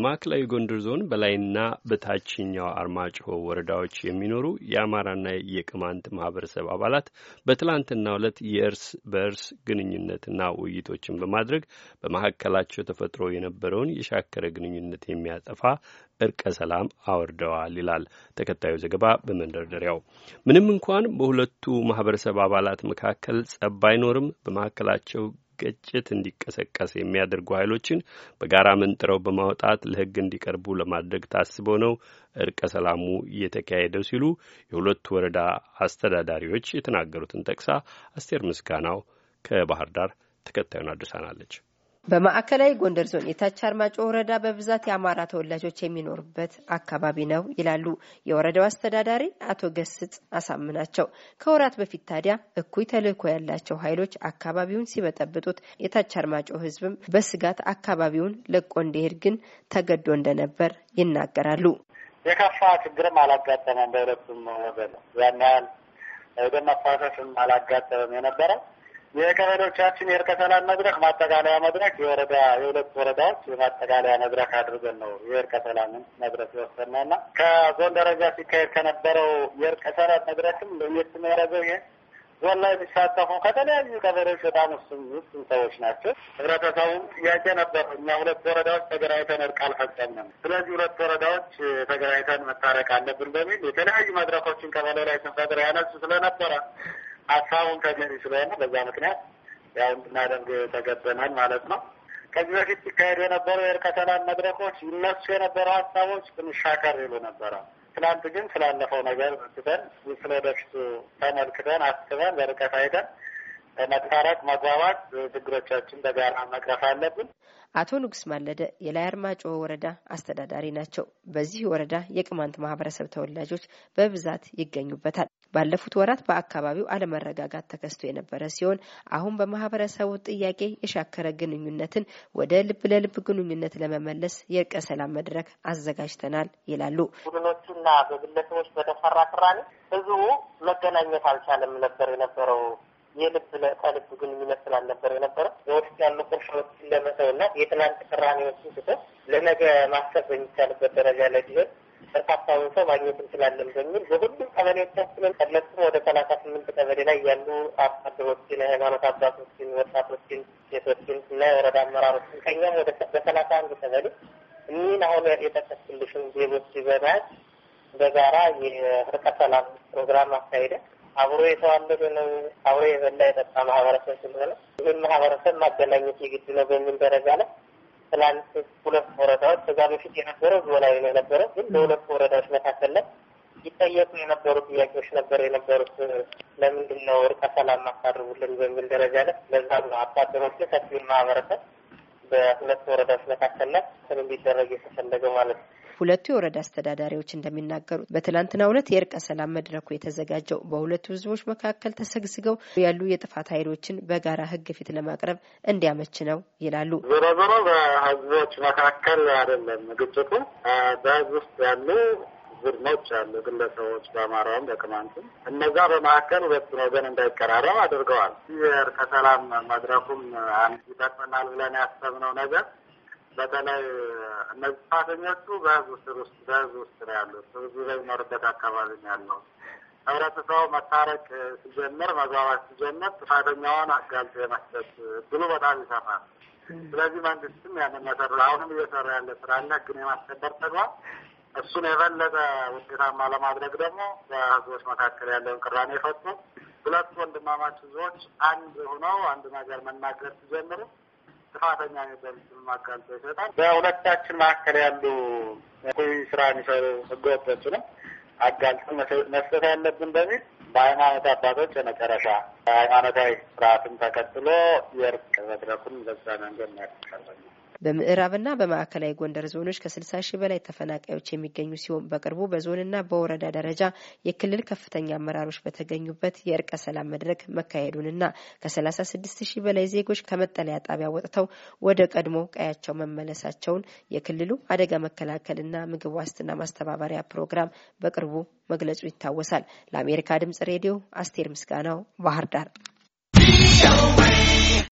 በማዕከላዊ ጎንደር ዞን በላይና በታችኛው አርማጭሆ ወረዳዎች የሚኖሩ የአማራና የቅማንት ማህበረሰብ አባላት በትላንትና ዕለት የእርስ በእርስ ግንኙነትና ውይይቶችን በማድረግ በመካከላቸው ተፈጥሮ የነበረውን የሻከረ ግንኙነት የሚያጠፋ እርቀ ሰላም አወርደዋል ይላል ተከታዩ ዘገባ በመንደርደሪያው። ምንም እንኳን በሁለቱ ማህበረሰብ አባላት መካከል ጸብ አይኖርም። በመካከላቸው ግጭት እንዲቀሰቀስ የሚያደርጉ ኃይሎችን በጋራ መንጥረው በማውጣት ለሕግ እንዲቀርቡ ለማድረግ ታስቦ ነው እርቀ ሰላሙ እየተካሄደው ሲሉ የሁለቱ ወረዳ አስተዳዳሪዎች የተናገሩትን ጠቅሳ አስቴር ምስጋናው ከባህር ዳር ተከታዩን አድርሳናለች። በማዕከላዊ ጎንደር ዞን የታች አርማጮ ወረዳ በብዛት የአማራ ተወላጆች የሚኖሩበት አካባቢ ነው ይላሉ የወረዳው አስተዳዳሪ አቶ ገስጽ አሳምናቸው። ከወራት በፊት ታዲያ እኩይ ተልእኮ ያላቸው ኃይሎች አካባቢውን ሲበጠብጡት የታች አርማጮ ሕዝብም በስጋት አካባቢውን ለቆ እንዲሄድ ግን ተገዶ እንደነበር ይናገራሉ። የከፋ ችግርም አላጋጠመም። በሁለቱም ወገን ያን ያህል ደም መፋሰስም አላጋጠመም የነበረው የቀበሌዎቻችን የእርቀ ሰላም መድረክ ማጠቃለያ መድረክ የወረዳ የሁለት ወረዳዎች የማጠቃለያ መድረክ አድርገን ነው የእርቀ ሰላም መድረክ የወሰድነው እና ከዞን ደረጃ ሲካሄድ ከነበረው የእርቀ ሰላም መድረክም ለየት የሚያደርገው ይሄ ዞን ላይ የሚሳተፉ ከተለያዩ ቀበሌዎች በጣም ውስን ውስን ሰዎች ናቸው። ህብረተሰቡም ጥያቄ ነበሩ። እኛ ሁለት ወረዳዎች ተገናኝተን እርቅ አልፈጸምንም። ስለዚህ ሁለት ወረዳዎች ተገናኝተን መታረቅ አለብን በሚል የተለያዩ መድረኮችን ቀበሌ ላይ ስንፈጥር ያነሱ ስለነበረ ሀሳቡን ተገቢ ስለሆነ በዛ ምክንያት ያው እንድናደርግ ተገበናል ማለት ነው። ከዚህ በፊት ሲካሄዱ የነበሩ የእርቀ ሰላም መድረኮች ይነሱ የነበረው ሀሳቦች ትንሻከር ይሉ ነበረ። ትናንት ግን ስላለፈው ነገር ስተን ስለ ወደፊቱ ተመልክተን አስበን በርቀት አይተን መታረቅ፣ መግባባት፣ ችግሮቻችን በጋራ መቅረፍ አለብን። አቶ ንጉስ ማለደ የላይ አርማጭሆ ወረዳ አስተዳዳሪ ናቸው። በዚህ ወረዳ የቅማንት ማህበረሰብ ተወላጆች በብዛት ይገኙበታል። ባለፉት ወራት በአካባቢው አለመረጋጋት ተከስቶ የነበረ ሲሆን አሁን በማህበረሰቡ ጥያቄ የሻከረ ግንኙነትን ወደ ልብ ለልብ ግንኙነት ለመመለስ የእርቀ ሰላም መድረክ አዘጋጅተናል ይላሉ። ቡድኖቹና በግለሰቦች በተፈራ ቅራኔ ህዝቡ መገናኘት አልቻለም ነበር የነበረው የልብ ከልብ ግንኙነት ስላልነበረ የነበረ በውስጥ ያሉ ቁርሾችን ለመተውና የትናንት ቅራኔዎችን ትቶ ለነገ ማሰብ በሚቻልበት ደረጃ ላይ ሲሆን በርካታውን ሰው ማግኘት እንችላለን በሚል በሁሉም ቀበሌዎቻችንን ከለቱም ወደ ሰላሳ ስምንት ቀበሌ ላይ ያሉ አርሶ አደሮችን፣ ሃይማኖት አባቶችን፣ ወጣቶችን፣ ሴቶችን እና የወረዳ አመራሮችን ከኛም ወደ በሰላሳ አንድ ቀበሌ እኒህን አሁን የጠቀስኩልሽን ዜጎች በመያዝ በጋራ የእርቀ ሰላም ፕሮግራም አካሄደ። አብሮ የተዋለደ ነው። አብሮ የበላ የጠጣ ማህበረሰብ ስለሆነ ይህን ማህበረሰብ ማገናኘት የግድ ነው በሚል ደረጃ ላይ ትላንት ሁለት ወረዳዎች ከዛ በፊት የነበረው ዞላዊ ነው የነበረ ግን በሁለት ወረዳዎች መካከል ላይ ይጠየቁ የነበሩ ጥያቄዎች ነበር የነበሩት። ለምንድን ነው እርቀ ሰላም ማካርቡልን በሚል ደረጃ ላይ ለዛ ነው አባደሮች ሰፊውን ማህበረሰብ በሁለት ወረዳዎች መካከል ላይ እንዲደረግ የተፈለገው ማለት ነው። ሁለቱ የወረዳ አስተዳዳሪዎች እንደሚናገሩት በትላንትናው ዕለት የእርቀ ሰላም መድረኩ የተዘጋጀው በሁለቱ ህዝቦች መካከል ተሰግስገው ያሉ የጥፋት ኃይሎችን በጋራ ህግ ፊት ለማቅረብ እንዲያመች ነው ይላሉ። ዞሮ ዞሮ በህዝቦች መካከል አይደለም ግጭቱ፣ በህዝብ ውስጥ ያሉ ቡድኖች አሉ፣ ግለሰቦች በአማራውም በቅማንቱም። እነዛ በመካከል ሁለቱን ወገን እንዳይቀራረብ አድርገዋል። የእርቀ ሰላም መድረኩም ይጠቅመናል ብለን ያሰብነው ነገር በተለይ እነዚህ ጥፋተኞቹ በህዝብ ስር ውስጥ በህዝብ ውስጥ ነው ያሉት። ህዝቡ በሚኖርበት አካባቢ ነው ያለው። ህብረተሰቡ መታረቅ ሲጀምር፣ መግባባት ሲጀምር ጥፋተኛውን አጋልጦ የመስጠት ብሎ በጣም ይሰፋል። ስለዚህ መንግስትም ያንን መሰሩ አሁንም እየሰራ ያለ ስራ አለ፣ ግን የማስከበር ተግባር። እሱን የበለጠ ውጤታማ ለማድረግ ደግሞ በህዝቦች መካከል ያለውን ቅራኔ የፈጡ ሁለቱ ወንድማማች ህዝቦች አንድ ሆነው አንድ ነገር መናገር ሲጀምሩ ጥፋተኛ ነበር ማጋለጥ ይሰጣል። በሁለታችን መካከል ያሉ ኩይ ስራ የሚሰሩ ህገወጦችንም አጋልጠን መስጠት ያለብን በሚል በሃይማኖት አባቶች የመጨረሻ ሃይማኖታዊ ስርዓትን ተከትሎ የእርቅ መድረኩን በዛ መንገድ ያቀርበኛል። በምዕራብና በማዕከላዊ ጎንደር ዞኖች ከ60 ሺህ በላይ ተፈናቃዮች የሚገኙ ሲሆን በቅርቡ በዞንና በወረዳ ደረጃ የክልል ከፍተኛ አመራሮች በተገኙበት የእርቀ ሰላም መድረክ መካሄዱንና ከ ስድስት ሺህ በላይ ዜጎች ከመጠለያ ጣቢያ ወጥተው ወደ ቀድሞ ቀያቸው መመለሳቸውን የክልሉ አደጋ መከላከልና ምግብ ዋስትና ማስተባበሪያ ፕሮግራም በቅርቡ መግለጹ ይታወሳል። ለአሜሪካ ድምጽ ሬዲዮ አስቴር ምስጋናው ባህር ዳር